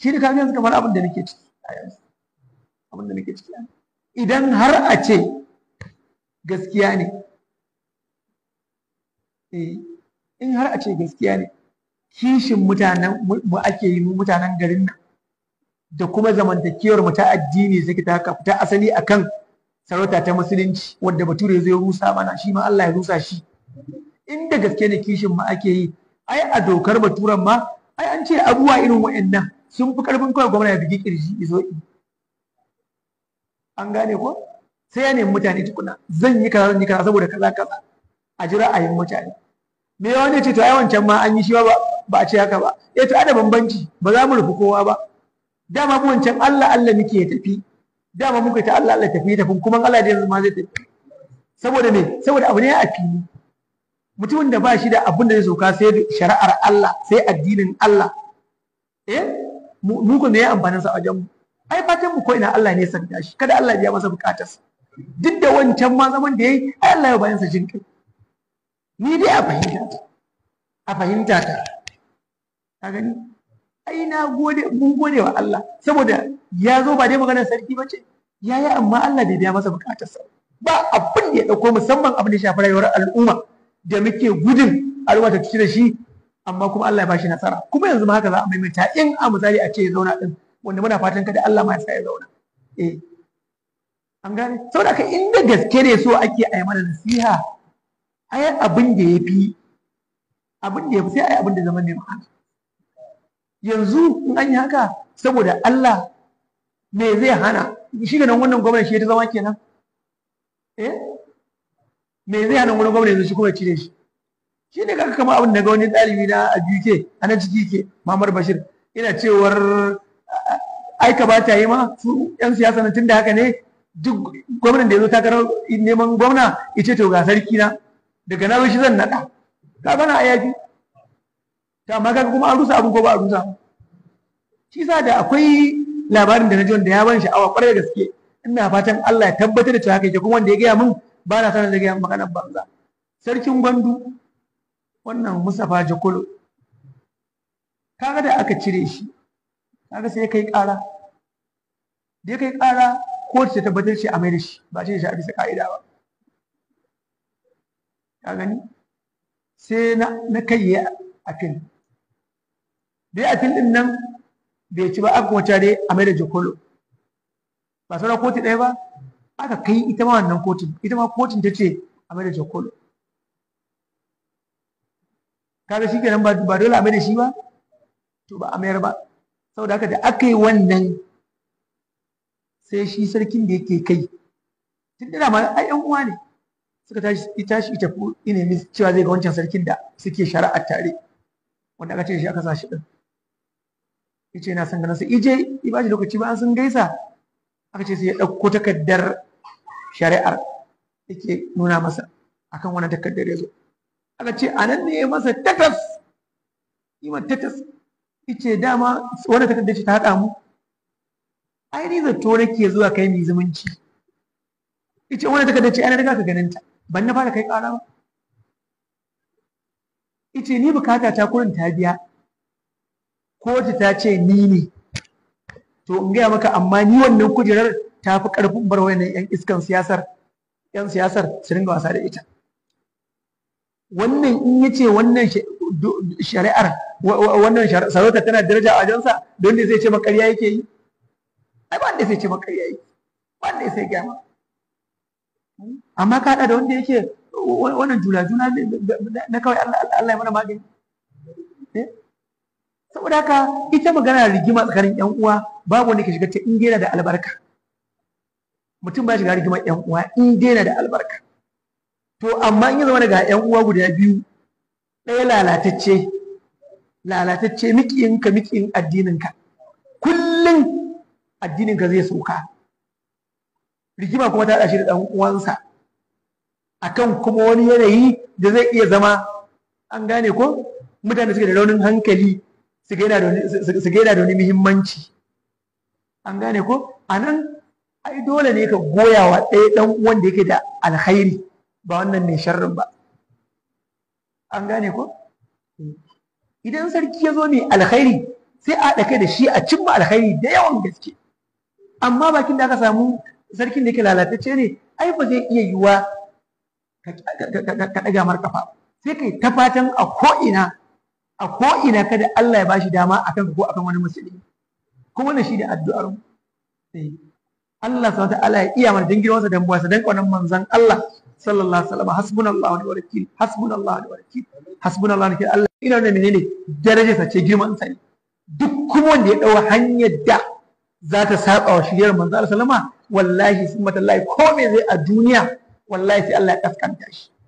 shi da kaga yanzu kamar abin da nake ciki a yanzu abin da nake ciki idan har a ce gaskiya ne eh, in har a ce gaskiya ne kishin mutanen mu ake yi mu mutanen garin nan da kuma zamantakewar mu ta addini sai ta haka ta asali akan sarauta ta musulunci wadda bature zai rusa mana shi ma Allah ya rusa shi inda gaske ne kishin mu ake yi ai a dokar baturan ma ai an ce abuwa irin wa'annan sun fi karfin kawai gwamna ya bigi kirji izo an gane ko sai ya nemi mutane tukuna zan yi kaza zan yi kaza saboda kaza kaza a a ra'ayin mutane me wani ce to ai wancan ma an yi shi ba ba a ce haka ba eh to ada bambanci ba za mu rufe kowa ba dama mu wancan Allah Allah muke ya tafi dama muke ta Allah Allah tafi tafin kuma Allah da yanzu ma zai tafi saboda me saboda abu ne a fili mutumin da ba shi da abin da zai soka sai shari'ar Allah sai addinin Allah eh mu ku ya amfani sa wajen mu ai fatan mu ko ina Allah ne ya sanda shi kada Allah ya masa bukatarsa duk da wancan ma zaman da yayi ai Allah ya bayan sa jinki ni dai a fahimta ta a fahimta ta ka gani ai na gode mun gode wa Allah saboda ya zo ba dai maganar sarki bace yayi amma Allah bai biya masa bukatarsa ba abin da ya dauko musamman abin da ya shafi rayuwar al'umma da muke gudun al'umma ta da shi amma kuma Allah ya bashi nasara kuma yanzu ma haka za a maimaita in a misali a ce ya zauna din wanda muna fatan kada Allah ma ya sa ya zauna eh an gane saboda ka inda gaske ne so ake a yi mana nasiha ai abin da ya fi abin da ya fi sai ai abin da zaman ne ma yanzu in an yi haka saboda Allah me zai hana shi ganin wannan gwamnati shi ta zama kenan eh me zai hana wannan gwamnati yanzu shi kuma ya cire shi shi ne kaka kama abin daga wani ɗalibi na a UK a na ciki ke Mamar Bashir ina cewar ai ka bata yi ma su yan siyasa na tunda haka ne duk gwamnan da ya zo takarar neman gwamna ya ce to ga sarki na daga na shi zan naɗa ka bana a yafi ta amma kaka kuma an rusa abin ko ba a rusa shi sa da akwai labarin da na ji wanda ya ban sha'awa kwarai da gaske ina fatan Allah ya tabbatar da cewa haka yake kuma wanda ya gaya min ba na sanar da gaya magana banza sarkin gwandu wannan Mustapha Jakolo kaga da aka cire shi kaga sai kai ƙara da kai ƙara kotu ta tabbatar shi a mai da shi ba ce shi shafi su ka'ida ba ka gani sai na kai ya afil dai afil din nan bai ci ba aka wata dai a mai da Jakolo ba sauran kotu ɗaya ba aka kai ita ma wannan kotun ita ma kotun ta ce a mai da Jakolo kaga shi kenan ba dole a mai da shi ba to ba a mayar ba saboda haka da aka yi wannan sai shi sarkin da yake kai tun da ma ai yan uwa ne suka tashi tashi ita ko ina ne cewa zai ga wancan sarkin da suke shari'a tare wanda aka ce shi aka sa shi din yace na san ganin sai ije i ba shi lokaci ba an san gaisa aka ce sai ya dauko takaddar shari'ar yake nuna masa akan wannan takaddar ya zo aka ce a nan ne ya masa takas ma takas ce dama wani da ce ta haɗa mu ai ni zato nake zuwa kai mai zumunci ce wani ta ce ana daga ka ganin ta ban na fara kai ƙara ba ce ni bukata ta kurin ta biya kotu ta ce ni ne to in gaya maka amma ni wannan kujerar ta fi ƙarfin bar wani 'yan iskan siyasar 'yan siyasar su ringa wasa da ita wannan in ya ce wannan shari'ar wannan sarauta tana daraja a jansa don da zai ce makarya yake yi ai ba da zai ce makarya yake ba da sai gama amma ka da wanda yake wannan jula juna na kawai Allah ya mana magani eh? saboda haka ita magana rigima tsakanin yan uwa babu wanda ke shiga ta in da albarka mutum ba shiga rigima yan uwa in da albarka to amma in yi zama ga ‘yan uwa guda biyu ɗaya lalatacce lalatacce miƙinka miƙin addininka kullum addininka zai sauka rigima kuma ta ɗashi da ɗan uwansa kan kuma wani yanayi da zai iya zama an gane ko mutane suke da raunin hankali su ga da wani muhimmanci an gane ko a nan ai dole ne ka goya wa ɗaya ɗan uwan da yake da alkhairi ba wannan ne sharrin ba an gane ko idan sarki ya zo mai alkhairi sai a haɗa kai da shi a cimma alkhairi da yawan gaske amma bakin da aka samu sarkin da yake lalatacce ne ai ba zai iya yiwuwa ka ɗaga markafa sai kai ta fatan a ko'ina a ko'ina kada Allah ya bashi dama akan ko akan wani musulmi kuma na shi da addu'ar mu eh. Allah sa ta'ala ya iya mana dangin wasa dan buwasa dan kwanan manzan Allah sallallahu alaihi wasallam hasbunallahu wa wakil hasbunallahu wa ni'mal hasbunallahu wa wakil Allah ina ne menene sa ce girman sa ne duk kuma wanda ya dau hanyar da za ta saba wa shiriyar manzan Allah wasallam wallahi summa tallahi ko me zai a duniya wallahi sai Allah ya kaskanta shi